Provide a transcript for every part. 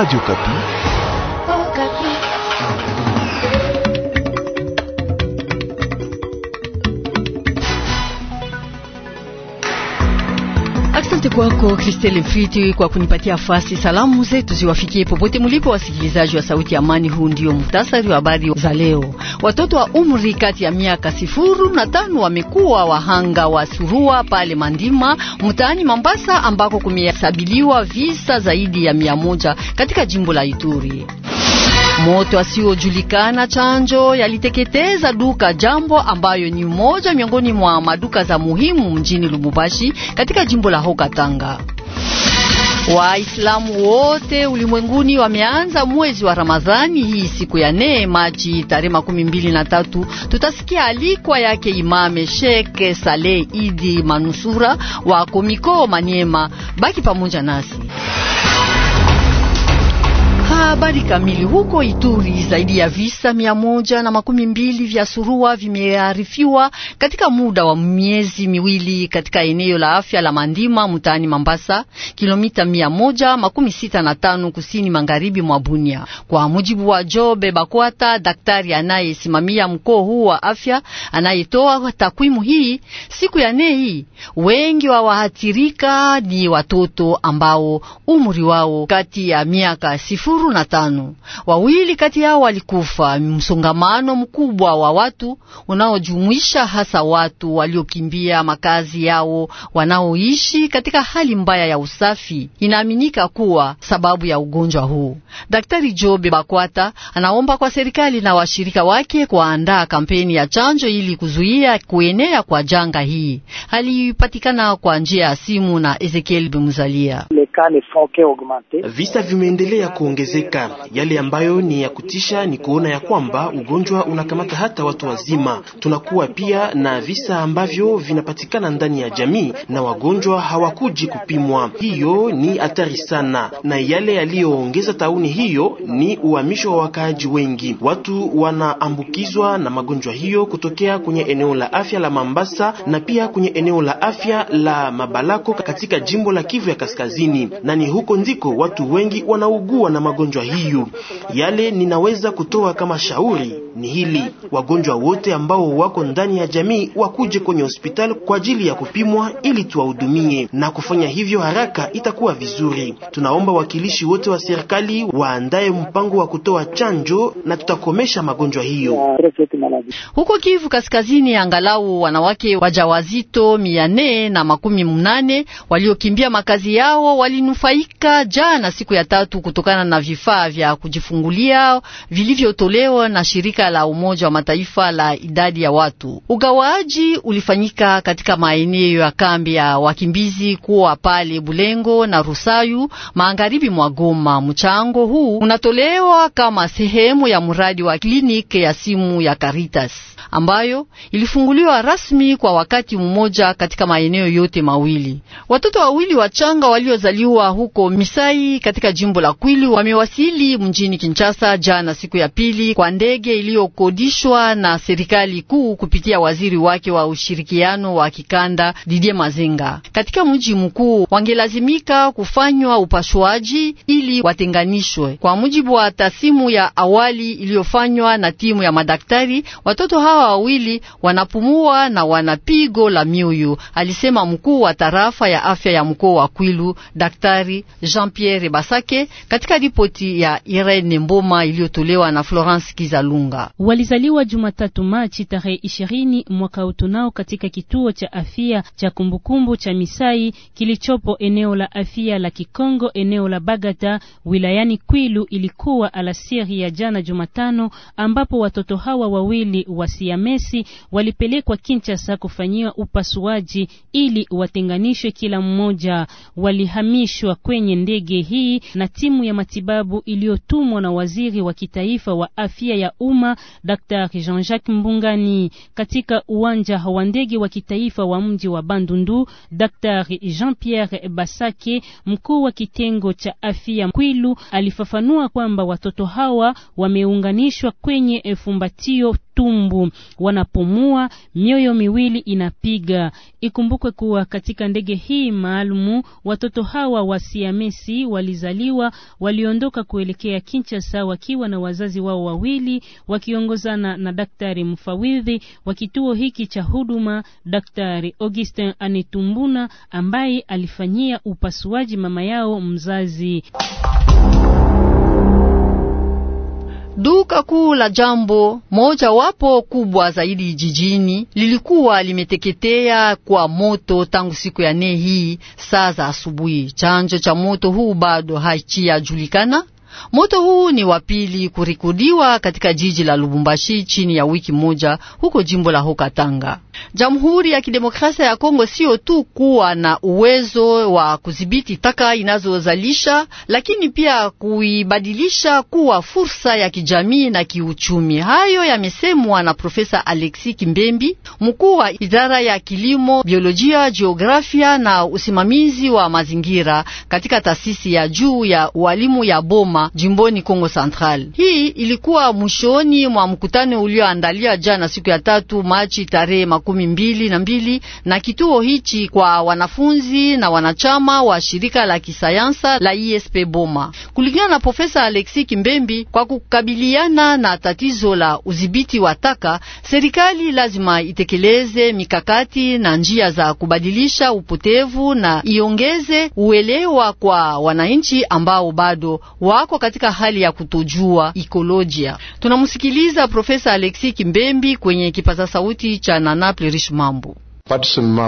Radio Kapi. Asante kwako Kristeli Mfiti kwa kunipatia fasi. Salamu zetu ziwafikie popote mulipo, wasikilizaji wa Sauti ya Amani. Huu ndio muhtasari wa habari za leo. Watoto wa umri kati ya miaka sifuru na tano wamekuwa wahanga wa surua pale Mandima mtaani Mambasa, ambako kumesabiliwa visa zaidi ya mia moja katika jimbo la Ituri. Moto asiyojulikana chanjo yaliteketeza duka, jambo ambayo ni moja miongoni mwa maduka za muhimu mjini Lubumbashi katika jimbo la Hoka Tanga. Waislamu wote ulimwenguni wameanza mwezi wa Ramadhani hii siku ya nne Machi tarehe makumi mbili na tatu. Tutasikia alikwa yake Imame Sheke Saleh Idi Manusura wa Komiko Maniema. Baki pamoja nasi. Habari kamili huko Ituri, zaidi ya visa mia moja na makumi mbili vya surua vimearifiwa katika muda wa miezi miwili katika eneo la afya la Mandima mtaani Mambasa, kilomita mia moja makumi sita na tano kusini magharibi mwa Bunia, kwa mujibu wa Jobe Bakwata, daktari anayesimamia mkoa huu wa afya. Anayetoa takwimu hii siku ya nne hii, wengi wa wahatirika ni watoto ambao umri wao kati ya miaka sifuru makumi na tano. Wawili kati yao walikufa. Msongamano mkubwa wa watu unaojumuisha hasa watu waliokimbia makazi yao wanaoishi katika hali mbaya ya usafi inaaminika kuwa sababu ya ugonjwa huu. Daktari Jobe Bakwata anaomba kwa serikali na washirika wake kuandaa kampeni ya chanjo ili kuzuia kuenea kwa janga hii. Alipatikana kwa njia ya simu na Ezekiel Bemuzalia. Visa vimeendelea kuongezeka kuongezeka. Yale ambayo ni ya kutisha ni kuona ya kwamba ugonjwa unakamata hata watu wazima. Tunakuwa pia na visa ambavyo vinapatikana ndani ya jamii na wagonjwa hawakuji kupimwa. Hiyo ni hatari sana, na yale yaliyoongeza tauni hiyo ni uhamisho wa wakaaji wengi. Watu wanaambukizwa na magonjwa hiyo kutokea kwenye eneo la afya la Mambasa na pia kwenye eneo la afya la Mabalako katika jimbo la Kivu ya Kaskazini, na ni huko ndiko watu wengi wanaugua na magonjwa magonjwa hiyo. Yale ninaweza kutoa kama shauri ni hili: wagonjwa wote ambao wako ndani ya jamii wakuje kwenye hospitali kwa ajili ya kupimwa ili tuwahudumie, na kufanya hivyo haraka itakuwa vizuri. Tunaomba wakilishi wote wa serikali waandae mpango wa kutoa chanjo na tutakomesha magonjwa hiyo. Huko Kivu Kaskazini, angalau wanawake wajawazito mia nne na makumi mnane waliokimbia makazi yao walinufaika jana siku ya tatu kutokana na vifu vifaa vya kujifungulia vilivyotolewa na shirika la Umoja wa Mataifa la idadi ya watu. Ugawaji ulifanyika katika maeneo ya kambi ya wakimbizi kuwa pale Bulengo na Rusayu, magharibi mwa Goma. Mchango huu unatolewa kama sehemu ya mradi wa kliniki ya simu ya Caritas ambayo ilifunguliwa rasmi kwa wakati mmoja katika maeneo yote mawili. Watoto wawili wachanga waliozaliwa huko Misai katika jimbo la Kwili wamewasili aliwasili mjini Kinshasa jana siku ya pili kwa ndege iliyokodishwa na serikali kuu kupitia waziri wake wa ushirikiano wa kikanda Didier Mazinga. Katika mji mkuu wangelazimika kufanywa upasuaji ili watenganishwe. Kwa mujibu wa tasimu ya awali iliyofanywa na timu ya madaktari, watoto hawa wawili wanapumua na wana pigo la mioyo, alisema mkuu wa tarafa ya afya ya mkoa wa Kwilu, Daktari Jean-Pierre Basake katika ripoti ripoti ya Irene Mboma iliyotolewa na Florence Kizalunga. Walizaliwa Jumatatu Machi tarehe ishirini mwaka utunao katika kituo cha afya cha kumbukumbu cha Misai kilichopo eneo la afya la Kikongo eneo la Bagata wilayani Kwilu. Ilikuwa alasiri ya jana Jumatano ambapo watoto hawa wawili wa Siamesi walipelekwa Kinshasa kufanyiwa upasuaji ili watenganishwe kila mmoja. Walihamishwa kwenye ndege hii na timu ya matibabu matibabu iliyotumwa na waziri wa kitaifa wa afya ya umma dr Jean-Jacques Mbungani katika uwanja wa ndege wa kitaifa wa mji wa Bandundu. dr Jean-Pierre Basake, mkuu wa kitengo cha afya Kwilu, alifafanua kwamba watoto hawa wameunganishwa kwenye fumbatio tumbu, wanapumua, mioyo miwili inapiga. Ikumbukwe kuwa katika ndege hii maalumu watoto hawa wa siamesi walizaliwa waliondoka waliondoka kuelekea Kinshasa wakiwa na wazazi wao wawili wakiongozana na daktari mfawidhi wa kituo hiki cha huduma, Daktari Augustin Anitumbuna ambaye alifanyia upasuaji mama yao mzazi Duka kuu la jambo moja wapo kubwa zaidi jijini lilikuwa limeteketea kwa moto tangu siku ya nne hii saa za asubuhi. Chanjo cha moto huu bado hachiyajulikana, Moto huu ni wa pili kurikodiwa katika jiji la Lubumbashi chini ya wiki moja huko jimbo la hokatanga Jamhuri ya Kidemokrasia ya Kongo sio tu kuwa na uwezo wa kudhibiti taka inazozalisha, lakini pia kuibadilisha kuwa fursa ya kijamii na kiuchumi. Hayo yamesemwa na Profesa Alexi Kimbembi, mkuu wa idara ya kilimo, biolojia, jiografia na usimamizi wa mazingira katika taasisi ya juu ya ualimu ya Boma Goma jimboni Kongo Central. Hii ilikuwa mwishoni mwa mkutano ulioandalia jana siku ya tatu Machi tarehe makumi mbili na mbili na kituo hichi kwa wanafunzi na wanachama wa shirika la kisayansa la ISP Boma. Kulingana na Profesa Alexi Kimbembi, kwa kukabiliana na tatizo la udhibiti wa taka, serikali lazima itekeleze mikakati na njia za kubadilisha upotevu na iongeze uelewa kwa wananchi ambao bado wako wako katika hali ya kutojua ekolojia. Tunamsikiliza Profesa Alexi Kimbembi kwenye kipaza sauti cha Nanaple Rish Mambo. Patson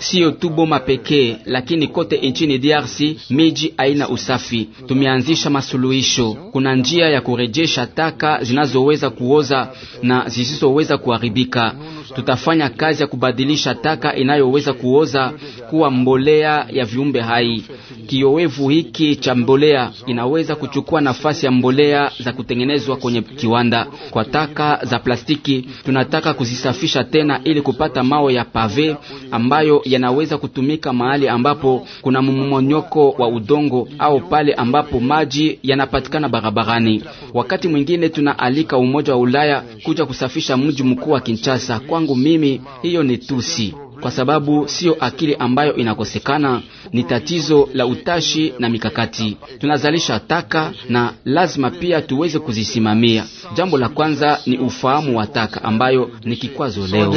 Sio tu Boma pekee, lakini kote nchini DRC miji haina usafi. Tumeanzisha masuluhisho. Kuna njia ya kurejesha taka zinazoweza kuoza na zisizoweza kuharibika. Tutafanya kazi ya kubadilisha taka inayoweza kuoza kuwa mbolea ya viumbe hai. Kiowevu hiki cha mbolea inaweza kuchukua nafasi ya mbolea za kutengenezwa kwenye kiwanda. Kwa taka za plastiki tunataka kuzisafisha tena ili kupata mawe ya pave pave ambayo yanaweza kutumika mahali ambapo kuna mmonyoko wa udongo au pale ambapo maji yanapatikana barabarani. Wakati mwingine tunaalika Umoja wa Ulaya kuja kusafisha mji mkuu wa Kinshasa. Kwangu mimi hiyo ni tusi kwa sababu siyo akili ambayo inakosekana, ni tatizo la utashi na mikakati. Tunazalisha taka na lazima pia tuweze kuzisimamia. Jambo la kwanza ni ufahamu wa taka ambayo ni kikwazo leo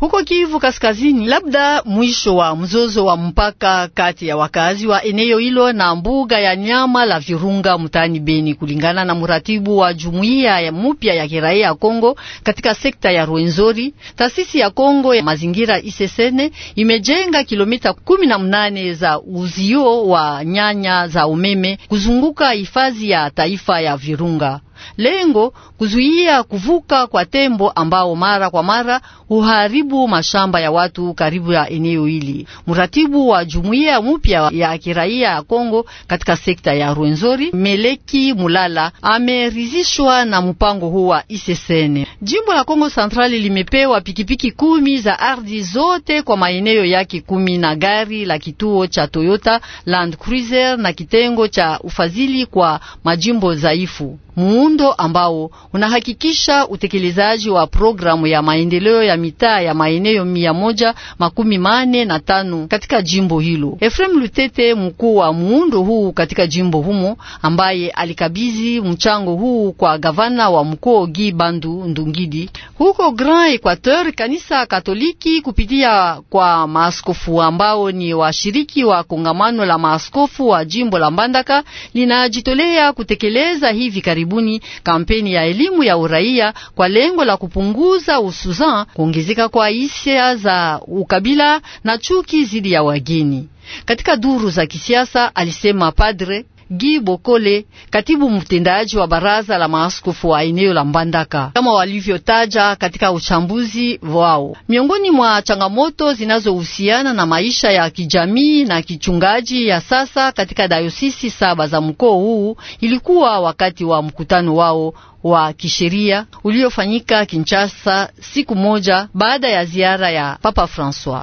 huko Kivu Kaskazini. Labda mwisho wa mzozo wa mpaka kati ya wakazi wa eneo hilo na mbuga ya nyama la Virunga mtaani Beni, kulingana na mratibu wa jumuiya ya mupya ya kiraia ya Kongo katika sekta ya Rwenzori, taasisi ya Kongo ya mazingira Uvira Isesene imejenga kilomita kumi na mnane za uzio wa nyanya za umeme kuzunguka hifadhi ya taifa ya Virunga lengo kuzuia kuvuka kwa tembo ambao mara kwa mara huharibu mashamba ya watu karibu ya eneo hili. Mratibu wa jumuiya mpya ya kiraia ya Kongo katika sekta ya Rwenzori, Meleki Mulala, amerizishwa na mpango huu wa ISSN. Jimbo la Kongo Centrali limepewa pikipiki kumi za ardhi zote kwa maeneo yake kumi na gari la kituo cha Toyota Land Cruiser na kitengo cha ufadhili kwa majimbo dhaifu muundo ambao unahakikisha utekelezaji wa programu ya maendeleo ya mitaa ya maeneo mia moja makumi mane na tano katika jimbo hilo. Efrem Lutete, mkuu wa muundo huu katika jimbo humo, ambaye alikabidhi mchango huu kwa gavana wa mkoa Gi Bandu Ndungidi. Huko Grand Equateur, kanisa Katoliki kupitia kwa maaskofu ambao ni washiriki wa kongamano la maaskofu wa jimbo la Mbandaka linajitolea kutekeleza hivi karibu karibuni kampeni ya elimu ya uraia kwa lengo la kupunguza usuza kuongezeka kwa hisia za ukabila na chuki dhidi ya wageni katika duru za kisiasa, alisema padre gi Bokole, katibu mtendaji wa baraza la maaskofu wa eneo la Mbandaka, kama walivyotaja katika uchambuzi wao. Miongoni mwa changamoto zinazohusiana na maisha ya kijamii na kichungaji ya sasa katika dayosisi saba za mkoa huu ilikuwa wakati wa mkutano wao wa kisheria uliofanyika Kinshasa siku moja baada ya ziara ya Papa Francois.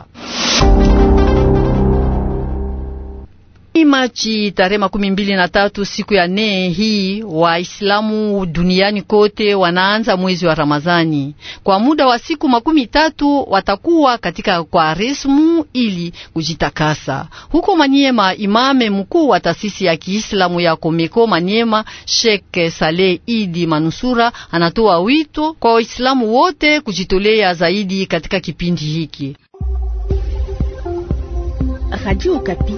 Machi tarehe makumi mbili na tatu siku ya nne hii, Waislamu duniani kote wanaanza mwezi wa Ramadhani. Kwa muda wa siku makumi tatu watakuwa katika kwaresmu ili kujitakasa. Huko Manyema, imame mkuu wa taasisi ya Kiislamu ya Komeko Manyema, Sheikh Saleh Idi Manusura, anatoa wito kwa Waislamu wote kujitolea zaidi katika kipindi hiki. Radio Kapi.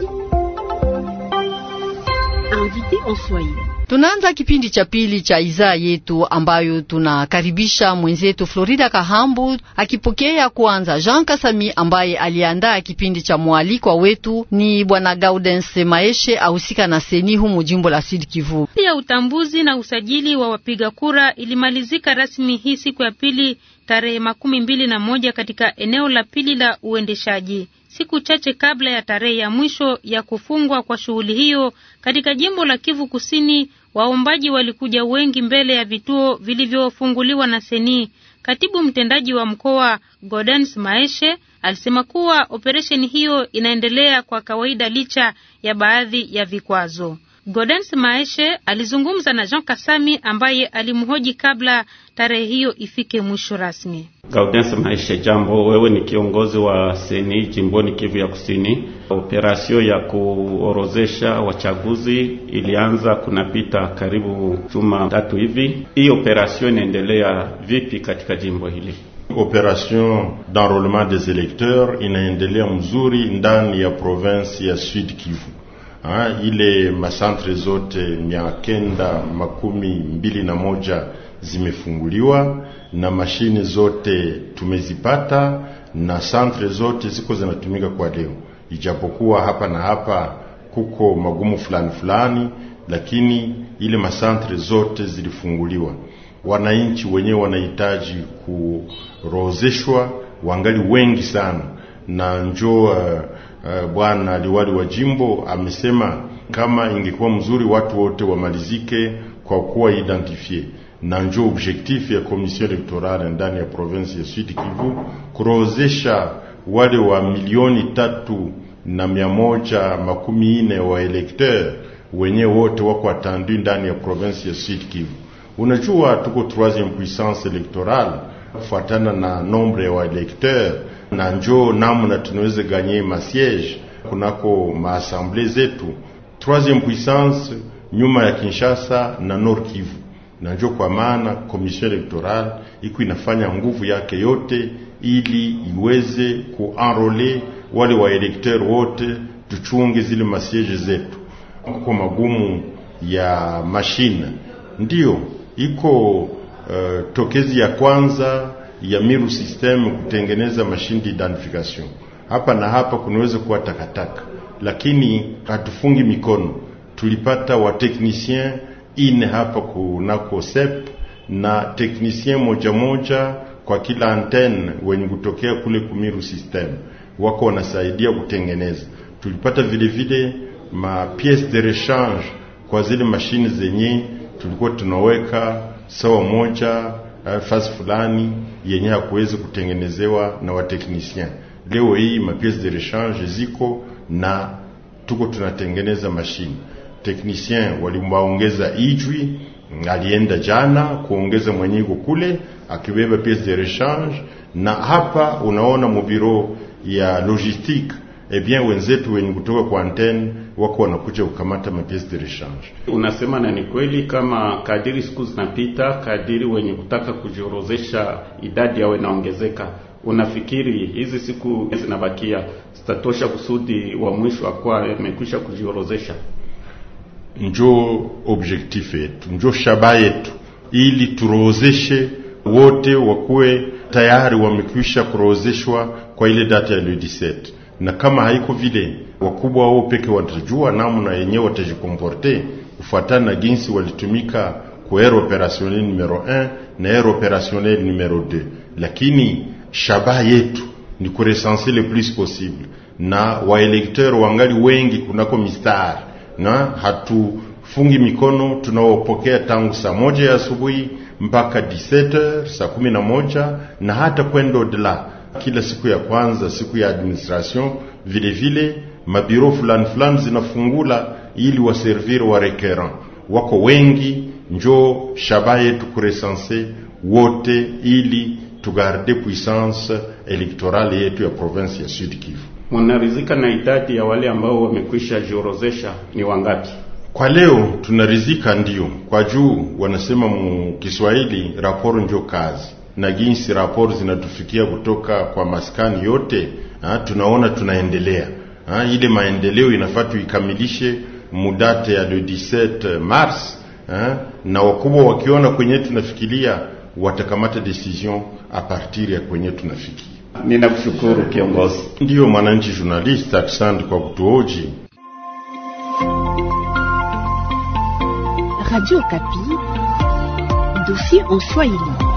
Tunaanza kipindi cha pili cha idhaa yetu ambayo tunakaribisha mwenzetu Florida Kahambu akipokea kwanza Jean Kasami ambaye aliandaa kipindi cha mwalikwa wetu ni bwana Gaudence Maeshe ahusika na seni humu jimbo la Sud Kivu. Pia utambuzi na usajili wa wapiga kura ilimalizika rasmi hii siku ya pili tarehe makumi mbili na moja katika eneo la pili la uendeshaji siku chache kabla ya tarehe ya mwisho ya kufungwa kwa shughuli hiyo katika jimbo la Kivu Kusini, waombaji walikuja wengi mbele ya vituo vilivyofunguliwa na Seni. Katibu mtendaji wa mkoa Godens Maeshe alisema kuwa operesheni hiyo inaendelea kwa kawaida licha ya baadhi ya vikwazo. Godens Maeshe alizungumza na Jean Kasami ambaye alimhoji kabla tarehe hiyo ifike mwisho rasmi. Gaudens Maeshe, jambo. Wewe ni kiongozi wa seni jimboni Kivu ya Kusini. Operasio ya kuorozesha wachaguzi ilianza kunapita karibu juma tatu hivi. Hii operasio inaendelea vipi katika jimbo hili? Operation d'enrolement des electeurs inaendelea mzuri ndani ya province ya Sud Kivu ha, ah, ile masantre zote mia kenda makumi mbili na moja zimefunguliwa na mashine zote tumezipata na santre zote ziko zinatumika kwa leo, ijapokuwa hapa na hapa kuko magumu fulani fulani, lakini ile masantre zote zilifunguliwa. Wananchi wenyewe wanahitaji kurozeshwa, wangali wengi sana na njoo uh, Eh, bwana liwali wa jimbo amesema kama ingekuwa mzuri watu wote wamalizike kwa kuwa identifie na njo objektif ya komision elektorale ndani ya province ya Sud Kivu kurozesha wale wa milioni tatu na mia moja makumi ine wa elekteur wenye wote wako atandu ndani ya province ya Sud Kivu. Unajua tuko troisième puissance electorale kufuatana na nombre ya wa elekteur na njoo namna tunaweza ganye masiege kunako maassemble zetu troisième puissance nyuma ya Kinshasa na Nord Kivu, na njoo kwa maana commission electorale iko inafanya nguvu yake yote ili iweze kuenrole wale wa electeur wote, tuchunge zile masiege zetu kwa magumu ya mashine. Ndiyo iko uh, tokezi ya kwanza ya miru system kutengeneza mashine identification. Hapa na hapa kunaweza kuwa takataka, lakini hatufungi mikono. Tulipata wa technicien ine hapa kunako SEP na technicien moja moja kwa kila antenne wenye kutokea kule kumiru system wako wanasaidia kutengeneza. Tulipata vile vile ma piece de rechange kwa zile mashine zenye tulikuwa tunaweka sawa moja fasi eh, fulani yenye hakuwezi kutengenezewa na wateknisien. Leo hii mapiece de rechange ziko na tuko tunatengeneza mashine. Teknisien walimwaongeza Ijwi, alienda jana kuongeza mwenyeko kule akibeba piece de rechange, na hapa unaona mubiro ya logistique, eh bien wenzetu wenye kutoka kwa antenne wako wanakuja kukamata mapiece de rechange. Unasema na ni kweli, kama kadiri siku zinapita, kadiri wenye kutaka kujiorozesha idadi yao inaongezeka. Unafikiri hizi siku zinabakia zitatosha kusudi wa mwisho akwa amekwisha kujiorozesha? Njo objektif yetu, njo shaba yetu, ili turozeshe wote wakuwe tayari wamekwisha kurozeshwa kwa ile data ya le 17 na kama haiko vile, wakubwa wao peke watajua namna yenye watajikomporte kufuatana na jinsi walitumika ku air operationnel numero 1 na air operationnel numero 2. Lakini shabaha yetu ni kuresense le plus possible, na waelekteur wangali wengi kunako mistari, na hatufungi mikono. Tunawapokea tangu saa moja ya asubuhi mpaka 17 saa 11 na hata kwenda odela kila siku ya kwanza, siku ya administration, vile vile mabiro fulani fulani zinafungula ili waserviri wa rekerant wako wengi, njo shabaye tukuresanse wote ili tugarde puissance elektorale yetu ya province ya Sud Kivu. Munarizika na idadi ya wale ambao wamekwisha jiorozesha ni wangapi? Kwa leo tunarizika, ndio kwa juu wanasema mu Kiswahili raporo njo kazi na jinsi rapori zinatufikia kutoka kwa maskani yote ha, ah, tunaona tunaendelea ha, ah, ile maendeleo inafaa tuikamilishe mudate ya le 17 mars ha, ah, na wakubwa wakiona kwenye tunafikilia watakamata decision a partir ya kwenye tunafikia. Ninakushukuru kiongozi. Ndiyo mwananchi journalist, asante kwa kutuoji. Radio Kapi, dossier en Swahili.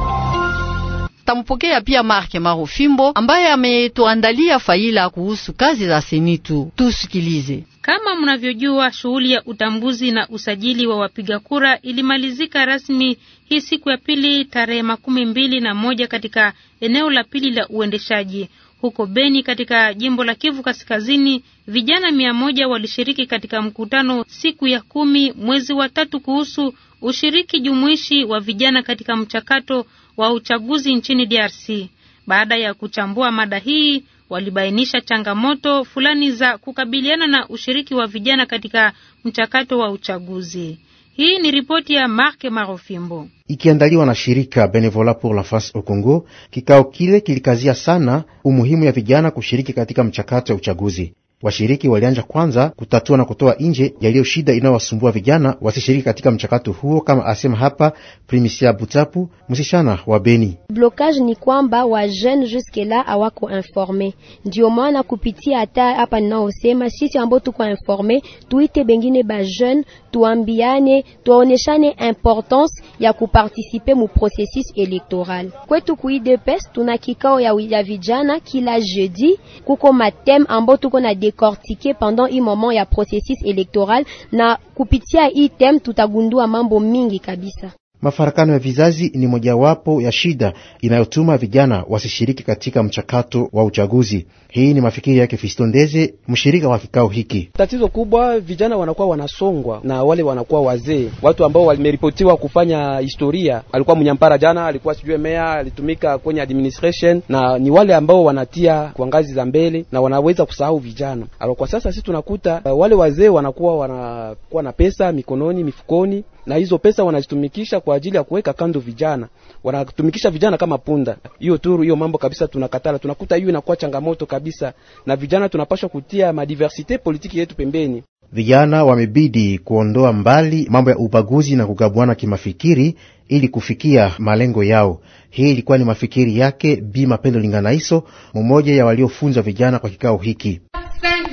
Tampokea pia Mark Marofimbo ambaye ametuandalia faila kuhusu kazi za Senitu. Tusikilize. Kama mnavyojua, shughuli ya utambuzi na usajili wa wapiga kura ilimalizika rasmi hii siku ya pili tarehe makumi mbili na moja katika eneo la pili la uendeshaji huko Beni katika jimbo la Kivu Kaskazini, vijana mia moja walishiriki katika mkutano siku ya kumi mwezi wa tatu kuhusu ushiriki jumuishi wa vijana katika mchakato wa uchaguzi nchini DRC. Baada ya kuchambua mada hii, walibainisha changamoto fulani za kukabiliana na ushiriki wa vijana katika mchakato wa uchaguzi. Hii ni ripoti ya Mark Marofimbo ikiandaliwa na shirika Benevola pour la Face au Congo. Kikao kile kilikazia sana umuhimu ya vijana kushiriki katika mchakato ya uchaguzi. Washiriki walianja kwanza kutatua na kutoa nje yaliyo shida inayowasumbua vijana wasishiriki katika mchakato huo, kama asema hapa Primisia Butapu, msichana wa Beni. Blokage ni kwamba wa jeune jusque la awako informe, ndio maana kupitia hata hapa ninaosema sisi ambao tuko informe, tuite bengine ba jeune, tuambiane, tuoneshane importance ya kuparticipe mu processus electoral kwetu. Kuidepes tuna kikao ya vijana kila jeudi, kuko matem ambao tuko na décortiqué pendant un moment ya processus électoral na kupitia item tutagundua mambo mingi kabisa. Mafarakano ya vizazi ni mojawapo ya shida inayotuma vijana wasishiriki katika mchakato wa uchaguzi. Hii ni mafikiri yake Fisto Ndeze, mshirika wa kikao hiki. Tatizo kubwa, vijana wanakuwa wanasongwa na wale wanakuwa wazee, watu ambao wameripotiwa kufanya historia. Alikuwa mnyampara jana, alikuwa sijue meya, alitumika kwenye administration, na ni wale ambao wanatia kwa ngazi za mbele na wanaweza kusahau vijana. Kwa sasa sisi tunakuta uh, wale wazee wanakuwa wanakuwa na pesa mikononi, mifukoni na hizo pesa wanazitumikisha kwa ajili ya kuweka kando vijana, wanatumikisha vijana kama punda. Hiyo turu hiyo mambo kabisa tunakatala, tunakuta hiyo inakuwa changamoto kabisa, na vijana tunapaswa kutia madiversite politiki yetu pembeni. Vijana wamebidi kuondoa mbali mambo ya ubaguzi na kugabuana kimafikiri ili kufikia malengo yao. Hii ilikuwa ni mafikiri yake Bi Mapendo Linganaiso, mmoja ya waliofunza vijana kwa kikao hiki.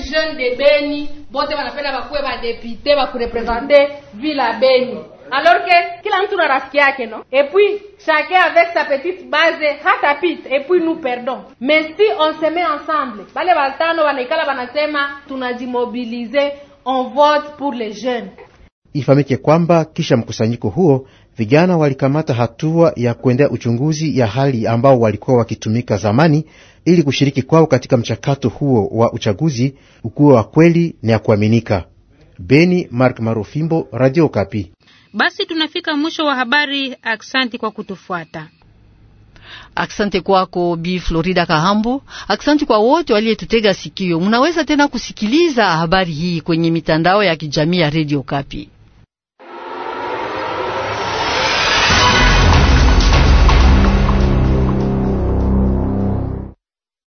jeune de Beni bote wanapenda bakuwe badepute bakurepresente ville ya Beni alors que kila mtu na rafiki yake no et puis chacun avec sa petite base hata pite et puis nous perdons mais si on se met ensemble bale batano banaikala banasema tunajimobilize on vote pour les jeunes ifahamike kwamba kisha mkusanyiko huo vijana walikamata hatua ya kuendea uchunguzi ya hali ambao walikuwa wakitumika zamani, ili kushiriki kwao katika mchakato huo wa uchaguzi ukuwa wa kweli na ya kuaminika. Beni, Mark Marofimbo, Radio Kapi. Basi tunafika mwisho wa habari. Aksanti kwa kutufuata. Aksante kwako Bi Florida Kahambo. Aksante kwa wote waliyetutega sikio. Munaweza tena kusikiliza habari hii kwenye mitandao ya kijamii ya Radio Kapi.